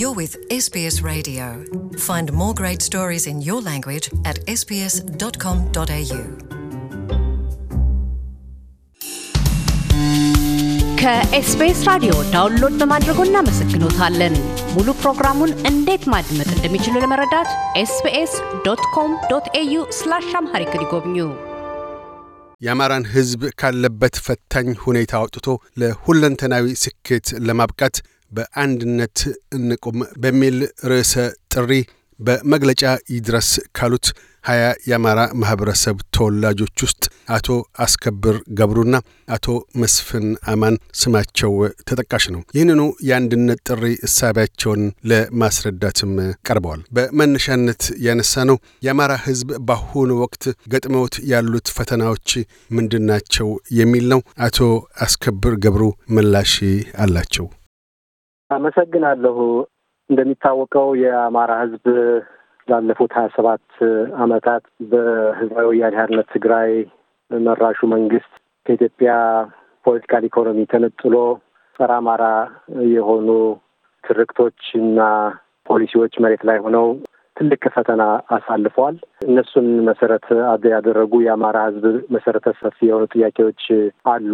You're with SBS Radio. Find more great stories in your language at sbs.com.au. ከኤስቢኤስ ራዲዮ ዳውንሎድ በማድረጎ እናመሰግኖታለን። ሙሉ ፕሮግራሙን እንዴት ማድመጥ እንደሚችሉ ለመረዳት ኤስቢኤስ ዶት ኮም ዶት ኤዩ ስላሽ አምሃሪክ ይጎብኙ። የአማራን ሕዝብ ካለበት ፈታኝ ሁኔታ አውጥቶ ለሁለንተናዊ ስኬት ለማብቃት በአንድነት እንቁም በሚል ርዕሰ ጥሪ በመግለጫ ይድረስ ካሉት ሀያ የአማራ ማህበረሰብ ተወላጆች ውስጥ አቶ አስከብር ገብሩና አቶ መስፍን አማን ስማቸው ተጠቃሽ ነው። ይህንኑ የአንድነት ጥሪ እሳቢያቸውን ለማስረዳትም ቀርበዋል። በመነሻነት ያነሳ ነው የአማራ ሕዝብ በአሁኑ ወቅት ገጥመውት ያሉት ፈተናዎች ምንድናቸው? የሚል ነው። አቶ አስከብር ገብሩ ምላሽ አላቸው። አመሰግናለሁ። እንደሚታወቀው የአማራ ህዝብ ላለፉት ሀያ ሰባት አመታት በህዝባዊ ወያኔ ሓርነት ትግራይ መራሹ መንግስት ከኢትዮጵያ ፖለቲካል ኢኮኖሚ ተነጥሎ ጸረ አማራ የሆኑ ትርክቶች እና ፖሊሲዎች መሬት ላይ ሆነው ትልቅ ፈተና አሳልፈዋል። እነሱን መሰረት ያደረጉ የአማራ ህዝብ መሰረተ ሰፊ የሆኑ ጥያቄዎች አሉ።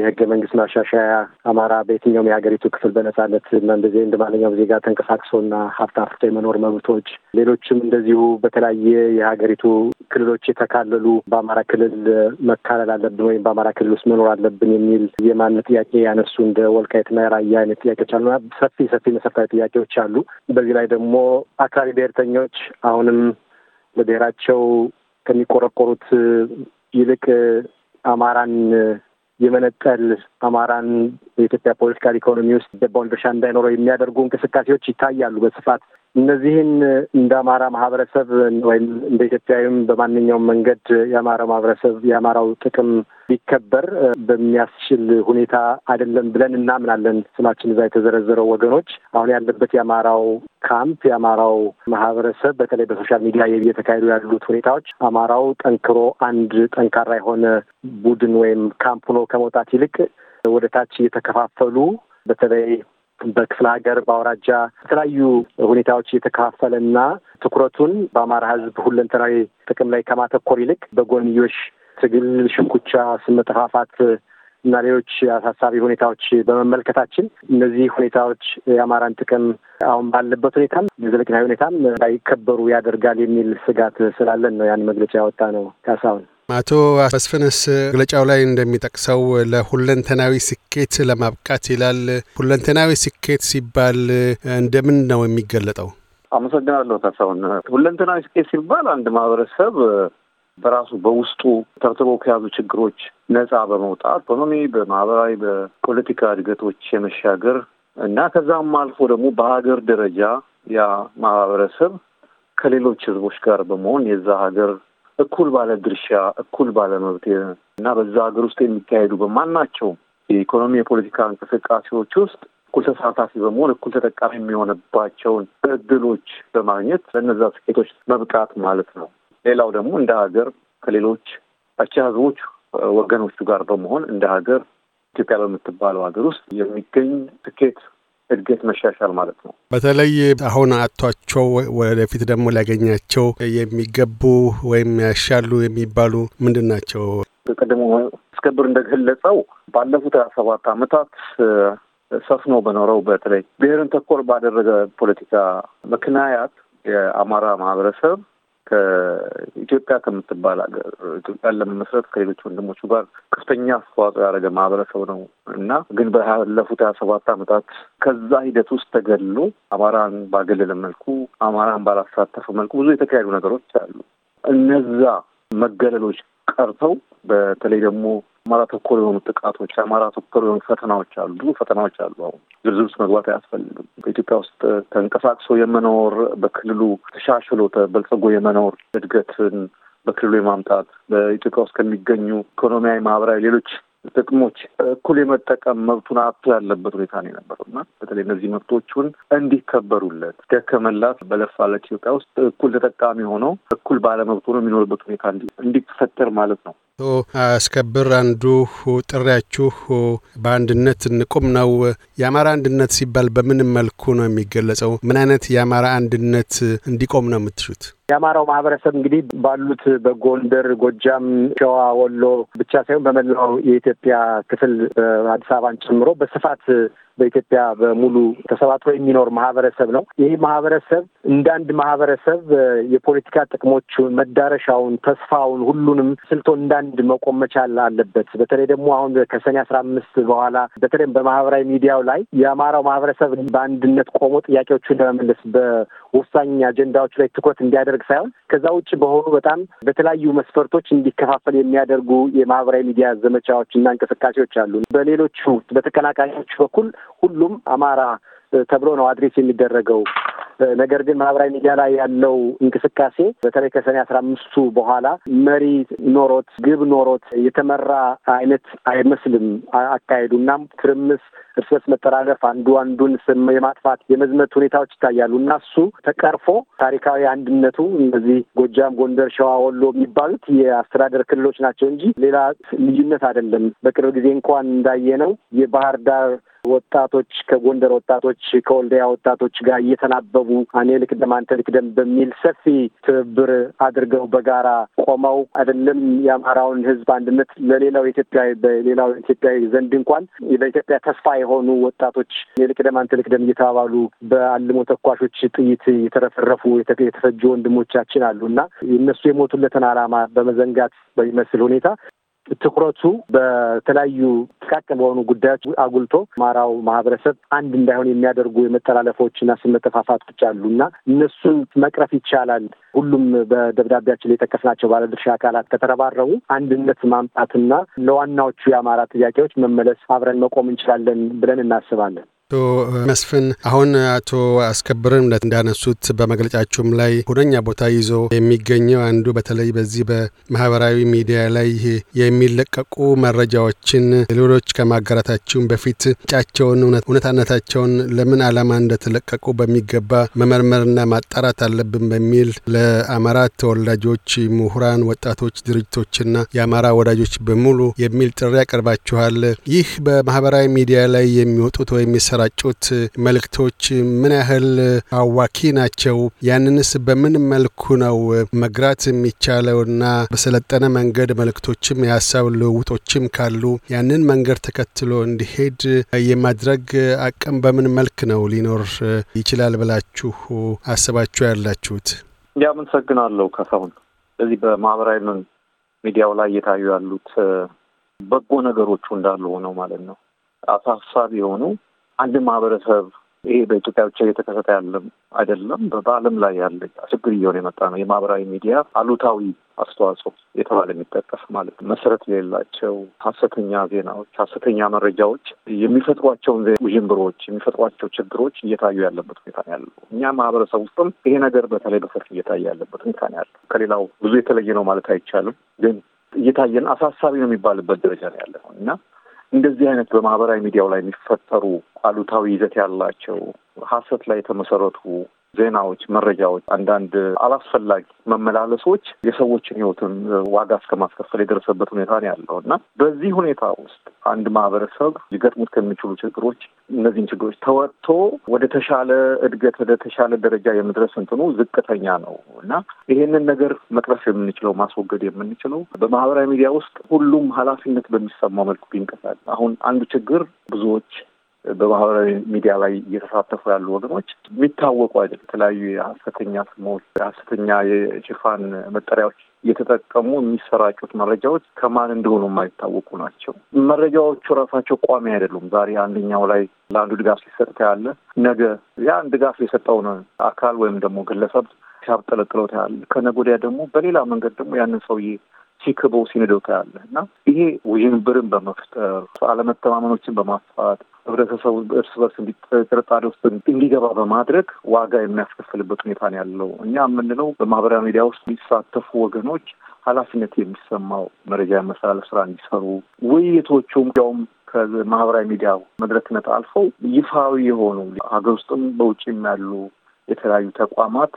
የህገ መንግስት ማሻሻያ አማራ በየትኛውም የሀገሪቱ ክፍል በነጻነት እንደዚህ እንደ ማንኛውም ዜጋ ተንቀሳቅሶና ሀብት አፍርቶ የመኖር መብቶች፣ ሌሎችም እንደዚሁ በተለያየ የሀገሪቱ ክልሎች የተካለሉ በአማራ ክልል መካለል አለብን ወይም በአማራ ክልል ውስጥ መኖር አለብን የሚል የማንነት ጥያቄ ያነሱ እንደ ወልቃይትና የራያ አይነት ጥያቄዎች አሉና ሰፊ ሰፊ መሰረታዊ ጥያቄዎች አሉ። በዚህ ላይ ደግሞ አክራሪ ብሄርተኛ ጋዜጠኞች አሁንም ለብሔራቸው ከሚቆረቆሩት ይልቅ አማራን የመነጠል አማራን በኢትዮጵያ ፖለቲካል ኢኮኖሚ ውስጥ ገባውን ድርሻ እንዳይኖረው የሚያደርጉ እንቅስቃሴዎች ይታያሉ በስፋት። እነዚህን እንደ አማራ ማህበረሰብ ወይም እንደ ኢትዮጵያዊም በማንኛውም መንገድ የአማራ ማህበረሰብ የአማራው ጥቅም ሊከበር በሚያስችል ሁኔታ አይደለም ብለን እናምናለን። ስማችን እዛ የተዘረዘረው ወገኖች አሁን ያለበት የአማራው ካምፕ የአማራው ማህበረሰብ በተለይ በሶሻል ሚዲያ እየተካሄዱ ያሉት ሁኔታዎች አማራው ጠንክሮ አንድ ጠንካራ የሆነ ቡድን ወይም ካምፕ ሆኖ ከመውጣት ይልቅ ወደ ታች እየተከፋፈሉ በተለይ በክፍለ ሀገር በአውራጃ የተለያዩ ሁኔታዎች እየተከፋፈለና ትኩረቱን በአማራ ህዝብ ሁለንተናዊ ጥቅም ላይ ከማተኮር ይልቅ በጎንዮሽ ትግል፣ ሽኩቻ፣ ስም መጠፋፋት እና ሌሎች አሳሳቢ ሁኔታዎች በመመልከታችን እነዚህ ሁኔታዎች የአማራን ጥቅም አሁን ባለበት ሁኔታም በዘለቂታዊ ሁኔታም እንዳይከበሩ ያደርጋል የሚል ስጋት ስላለን ነው ያን መግለጫ ያወጣ ነው። ካሳሁን አቶ መስፍንስ መግለጫው ላይ እንደሚጠቅሰው ለሁለንተናዊ ስኬት ለማብቃት ይላል። ሁለንተናዊ ስኬት ሲባል እንደምን ነው የሚገለጠው? አመሰግናለሁ ካሳሁን። ሁለንተናዊ ስኬት ሲባል አንድ ማህበረሰብ በራሱ በውስጡ ተርትቦ ከያዙ ችግሮች ነጻ በመውጣት ኢኮኖሚ፣ በማህበራዊ፣ በፖለቲካ እድገቶች የመሻገር እና ከዛም አልፎ ደግሞ በሀገር ደረጃ ያ ማህበረሰብ ከሌሎች ህዝቦች ጋር በመሆን የዛ ሀገር እኩል ባለ ድርሻ እኩል ባለ መብት እና በዛ ሀገር ውስጥ የሚካሄዱ በማናቸውም የኢኮኖሚ የፖለቲካ እንቅስቃሴዎች ውስጥ እኩል ተሳታፊ በመሆን እኩል ተጠቃሚ የሚሆንባቸውን እድሎች በማግኘት ለነዛ ስኬቶች መብቃት ማለት ነው። ሌላው ደግሞ እንደ ሀገር ከሌሎች አቻ ህዝቦች ወገኖቹ ጋር በመሆን እንደ ሀገር ኢትዮጵያ በምትባለው ሀገር ውስጥ የሚገኝ ስኬት እድገት መሻሻል ማለት ነው። በተለይ አሁን አቷቸው ወደፊት ደግሞ ሊያገኛቸው የሚገቡ ወይም ያሻሉ የሚባሉ ምንድን ናቸው? ቀደሞ እስከብር እንደገለጸው ባለፉት ሀያ ሰባት አመታት ሰፍኖ በኖረው በተለይ ብሔርን ተኮር ባደረገ ፖለቲካ ምክንያት የአማራ ማህበረሰብ ከኢትዮጵያ ከምትባል ሀገር ኢትዮጵያን ለመመስረት ከሌሎች ወንድሞቹ ጋር ከፍተኛ አስተዋጽኦ ያደረገ ማህበረሰብ ነው እና ግን ባለፉት ሀያ ሰባት አመታት ከዛ ሂደት ውስጥ ተገሎ አማራን ባገለለ መልኩ አማራን ባላሳተፈ መልኩ ብዙ የተካሄዱ ነገሮች አሉ። እነዛ መገለሎች ቀርተው በተለይ ደግሞ አማራ ተኮር የሆኑ ጥቃቶች፣ አማራ ተኮር የሆኑ ፈተናዎች አሉ። ብዙ ፈተናዎች አሉ። አሁን ዝርዝር ውስጥ መግባት አያስፈልግም። በኢትዮጵያ ውስጥ ተንቀሳቅሶ የመኖር በክልሉ ተሻሽሎ ተበልጸጎ የመኖር እድገትን በክልሉ የማምጣት በኢትዮጵያ ውስጥ ከሚገኙ ኢኮኖሚያዊ፣ ማህበራዊ፣ ሌሎች ጥቅሞች እኩል የመጠቀም መብቱን አቶ ያለበት ሁኔታ ነው የነበረው እና በተለይ እነዚህ መብቶቹን እንዲከበሩለት ደከመላት በለፋለት ኢትዮጵያ ውስጥ እኩል ተጠቃሚ ሆነው እኩል ባለመብት ነው የሚኖርበት ሁኔታ እንዲፈጠር ማለት ነው። አቶ አስከብር አንዱ ጥሪያችሁ በአንድነት እንቁም ነው። የአማራ አንድነት ሲባል በምን መልኩ ነው የሚገለጸው? ምን አይነት የአማራ አንድነት እንዲቆም ነው የምትሹት? የአማራው ማህበረሰብ እንግዲህ ባሉት በጎንደር፣ ጎጃም፣ ሸዋ፣ ወሎ ብቻ ሳይሆን በመላው የኢትዮጵያ ክፍል አዲስ አበባን ጨምሮ በስፋት በኢትዮጵያ በሙሉ ተሰባጥሮ የሚኖር ማህበረሰብ ነው። ይህ ማህበረሰብ እንደ አንድ ማህበረሰብ የፖለቲካ ጥቅሞቹን፣ መዳረሻውን፣ ተስፋውን፣ ሁሉንም ስልቶ እንደ አንድ መቆም መቻል አለበት። በተለይ ደግሞ አሁን ከሰኔ አስራ አምስት በኋላ በተለይም በማህበራዊ ሚዲያው ላይ የአማራው ማህበረሰብ በአንድነት ቆሞ ጥያቄዎቹን ለመመለስ በ ወሳኝ አጀንዳዎች ላይ ትኩረት እንዲያደርግ ሳይሆን ከዛ ውጭ በሆኑ በጣም በተለያዩ መስፈርቶች እንዲከፋፈል የሚያደርጉ የማህበራዊ ሚዲያ ዘመቻዎች እና እንቅስቃሴዎች አሉ። በሌሎቹ በተቀናቃኞች በኩል ሁሉም አማራ ተብሎ ነው አድሬስ የሚደረገው። ነገር ግን ማህበራዊ ሚዲያ ላይ ያለው እንቅስቃሴ በተለይ ከሰኔ አስራ አምስቱ በኋላ መሪ ኖሮት ግብ ኖሮት የተመራ አይነት አይመስልም አካሄዱ። እናም ትርምስ፣ እርስ በርስ መጠላለፍ፣ አንዱ አንዱን ስም የማጥፋት የመዝመት ሁኔታዎች ይታያሉ እና እሱ ተቀርፎ ታሪካዊ አንድነቱ እነዚህ ጎጃም፣ ጎንደር፣ ሸዋ፣ ወሎ የሚባሉት የአስተዳደር ክልሎች ናቸው እንጂ ሌላ ልዩነት አይደለም። በቅርብ ጊዜ እንኳን እንዳየነው የባህር ዳር ወጣቶች ከጎንደር ወጣቶች ከወልዲያ ወጣቶች ጋር እየተናበቡ እኔ ልቅደም አንተ ልቅደም በሚል ሰፊ ትብብር አድርገው በጋራ ቆመው አይደለም የአማራውን ሕዝብ አንድነት ለሌላው ኢትዮጵያዊ በሌላው ኢትዮጵያዊ ዘንድ እንኳን በኢትዮጵያ ተስፋ የሆኑ ወጣቶች እኔ ልቅደም አንተ ልቅደም እየተባባሉ በአልሞ ተኳሾች ጥይት የተረፈረፉ የተፈጁ ወንድሞቻችን አሉ እና የእነሱ የሞቱለትን ዓላማ በመዘንጋት በሚመስል ሁኔታ ትኩረቱ በተለያዩ ጥቃቅን በሆኑ ጉዳዮች አጉልቶ አማራው ማህበረሰብ አንድ እንዳይሆን የሚያደርጉ የመጠላለፎችና ስም መጠፋፋቶች አሉ እና እነሱን መቅረፍ ይቻላል። ሁሉም በደብዳቤያችን የጠቀስናቸው ባለድርሻ አካላት ከተረባረቡ አንድነት ማምጣትና ለዋናዎቹ የአማራ ጥያቄዎች መመለስ አብረን መቆም እንችላለን ብለን እናስባለን። አቶ መስፍን አሁን አቶ አስከብርን እንዳነሱት በመግለጫችሁም ላይ ሁነኛ ቦታ ይዞ የሚገኘው አንዱ በተለይ በዚህ በማህበራዊ ሚዲያ ላይ የሚለቀቁ መረጃዎችን ሌሎች ከማጋራታችሁም በፊት ጫቸውን እውነታነታቸውን ለምን ዓላማ እንደተለቀቁ በሚገባ መመርመርና ማጣራት አለብን በሚል ለአማራ ተወላጆች፣ ምሁራን፣ ወጣቶች ድርጅቶችና የአማራ ወዳጆች በሙሉ የሚል ጥሪ ያቀርባችኋል። ይህ በማህበራዊ ሚዲያ ላይ የሚወጡት ወይም የሚያሰራጩት መልእክቶች ምን ያህል አዋኪ ናቸው? ያንንስ በምን መልኩ ነው መግራት የሚቻለው እና በሰለጠነ መንገድ መልእክቶችም የሀሳብ ልውውጦችም ካሉ ያንን መንገድ ተከትሎ እንዲሄድ የማድረግ አቅም በምን መልክ ነው ሊኖር ይችላል ብላችሁ አስባችሁ ያላችሁት? እንዲያ አመሰግናለሁ ካሳሁን። እዚህ በማህበራዊ ሚዲያው ላይ እየታዩ ያሉት በጎ ነገሮቹ እንዳሉ ሆነው ማለት ነው አሳሳቢ የሆኑ አንድ ማህበረሰብ ይሄ በኢትዮጵያ ብቻ እየተከሰተ ያለም አይደለም። በዓለም ላይ ያለ ችግር እየሆነ የመጣ ነው። የማህበራዊ ሚዲያ አሉታዊ አስተዋጽኦ የተባለ የሚጠቀስ ማለት ነው። መሰረት የሌላቸው ሀሰተኛ ዜናዎች፣ ሀሰተኛ መረጃዎች የሚፈጥሯቸውን ውዥንብሮች፣ የሚፈጥሯቸው ችግሮች እየታዩ ያለበት ሁኔታ ነው ያለው። እኛ ማህበረሰብ ውስጥም ይሄ ነገር በተለይ በሰፊ እየታየ ያለበት ሁኔታ ነው ያለው። ከሌላው ብዙ የተለየ ነው ማለት አይቻልም፣ ግን እየታየን አሳሳቢ ነው የሚባልበት ደረጃ ነው ያለ ነው እና እንደዚህ አይነት በማህበራዊ ሚዲያው ላይ የሚፈጠሩ አሉታዊ ይዘት ያላቸው ሀሰት ላይ የተመሰረቱ ዜናዎች፣ መረጃዎች፣ አንዳንድ አላስፈላጊ መመላለሶች የሰዎችን ህይወትን ዋጋ እስከማስከፈል የደረሰበት ሁኔታ ነው ያለው እና በዚህ ሁኔታ ውስጥ አንድ ማህበረሰብ ሊገጥሙት ከሚችሉ ችግሮች እነዚህን ችግሮች ተወጥቶ ወደ ተሻለ እድገት ወደ ተሻለ ደረጃ የመድረስ እንትኑ ዝቅተኛ ነው እና ይሄንን ነገር መቅረፍ የምንችለው ማስወገድ የምንችለው በማህበራዊ ሚዲያ ውስጥ ሁሉም ኃላፊነት በሚሰማው መልኩ ቢንቀሳቀስ አሁን አንዱ ችግር ብዙዎች በማህበራዊ ሚዲያ ላይ እየተሳተፉ ያሉ ወገኖች የሚታወቁ አይደለም። የተለያዩ የሀሰተኛ ስሞች፣ የሀሰተኛ የሽፋን መጠሪያዎች እየተጠቀሙ የሚሰራጩት መረጃዎች ከማን እንደሆኑ የማይታወቁ ናቸው። መረጃዎቹ ራሳቸው ቋሚ አይደሉም። ዛሬ አንደኛው ላይ ለአንዱ ድጋፍ ሲሰጥ ያለ ነገ ያን ድጋፍ የሰጠውን አካል ወይም ደግሞ ግለሰብ ሲያብጠለጥለው ታያለ። ከነገ ወዲያ ደግሞ በሌላ መንገድ ደግሞ ያንን ሰውዬ ሲክበው ሲንደው ታያለ እና ይሄ ውዥንብርን በመፍጠር አለመተማመኖችን በማስፋት ህብረተሰቡ እርስ በርስ ጥርጣሬ ውስጥ እንዲገባ በማድረግ ዋጋ የሚያስከፍልበት ሁኔታ ነው ያለው። እኛ የምንለው በማህበራዊ ሚዲያ ውስጥ የሚሳተፉ ወገኖች ኃላፊነት የሚሰማው መረጃ የመሰላለፍ ስራ እንዲሰሩ ውይይቶቹም ያውም ከማህበራዊ ሚዲያ መድረክነት አልፈው ይፋዊ የሆኑ ሀገር ውስጥም በውጭም ያሉ የተለያዩ ተቋማት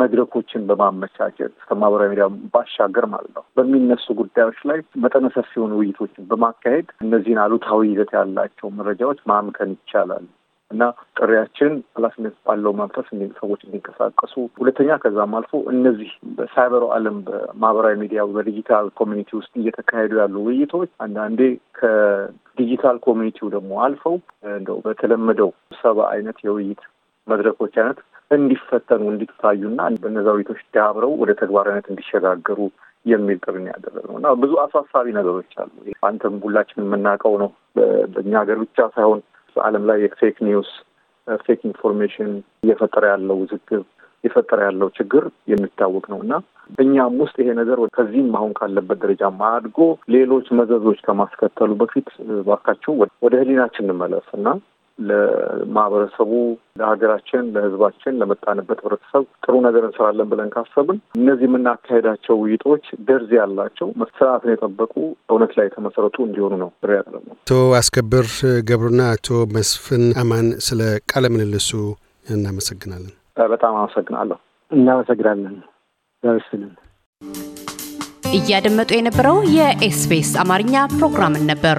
መድረኮችን በማመቻቸት ከማህበራዊ ሚዲያ ባሻገር ማለት ነው በሚነሱ ጉዳዮች ላይ መጠነ ሰፊ የሆኑ ውይይቶችን በማካሄድ እነዚህን አሉታዊ ይዘት ያላቸው መረጃዎች ማምከን ይቻላል እና ጥሪያችን ኃላፊነት ባለው መንፈስ ሰዎች እንዲንቀሳቀሱ፣ ሁለተኛ ከዛም አልፎ እነዚህ በሳይበሩ ዓለም በማህበራዊ ሚዲያ በዲጂታል ኮሚኒቲ ውስጥ እየተካሄዱ ያሉ ውይይቶች አንዳንዴ ከዲጂታል ኮሚኒቲው ደግሞ አልፈው እንደው በተለመደው ስብሰባ አይነት የውይይት መድረኮች አይነት እንዲፈተኑ እንዲታዩና በነዛ ቤቶች ዳብረው ወደ ተግባራዊነት እንዲሸጋገሩ የሚል ጥሪ ነው ያደረግነው እና ብዙ አሳሳቢ ነገሮች አሉ። አንተም ሁላችን የምናውቀው ነው። በእኛ ሀገር ብቻ ሳይሆን በዓለም ላይ የፌክ ኒውስ፣ ፌክ ኢንፎርሜሽን እየፈጠረ ያለው ውዝግብ የፈጠረ ያለው ችግር የሚታወቅ ነው እና እኛም ውስጥ ይሄ ነገር ከዚህም አሁን ካለበት ደረጃ አድጎ ሌሎች መዘዞች ከማስከተሉ በፊት ባካቸው ወደ ህሊናችን እንመለስ እና ለማህበረሰቡ፣ ለሀገራችን፣ ለህዝባችን፣ ለመጣንበት ህብረተሰብ ጥሩ ነገር እንሰራለን ብለን ካሰብን እነዚህ የምናካሄዳቸው ውይይቶች ደርዝ ያላቸው ስርዓትን የጠበቁ እውነት ላይ የተመሰረቱ እንዲሆኑ ነው ጥሪ አቶ አስከብር ገብሩና አቶ መስፍን አማን ስለ ቃለ ምልልሱ እናመሰግናለን። በጣም አመሰግናለሁ። እናመሰግናለን። ስትልን እያደመጡ የነበረው የኤስቢኤስ አማርኛ ፕሮግራምን ነበር።